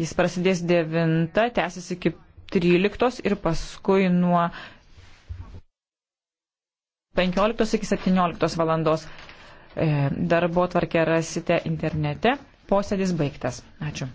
Jis prasidės 9, tęsis iki 13 ir paskui nuo 15 iki 17 valandos. E, darbo tvarkę rasite internete. Posėdis baigtas. Ačiū.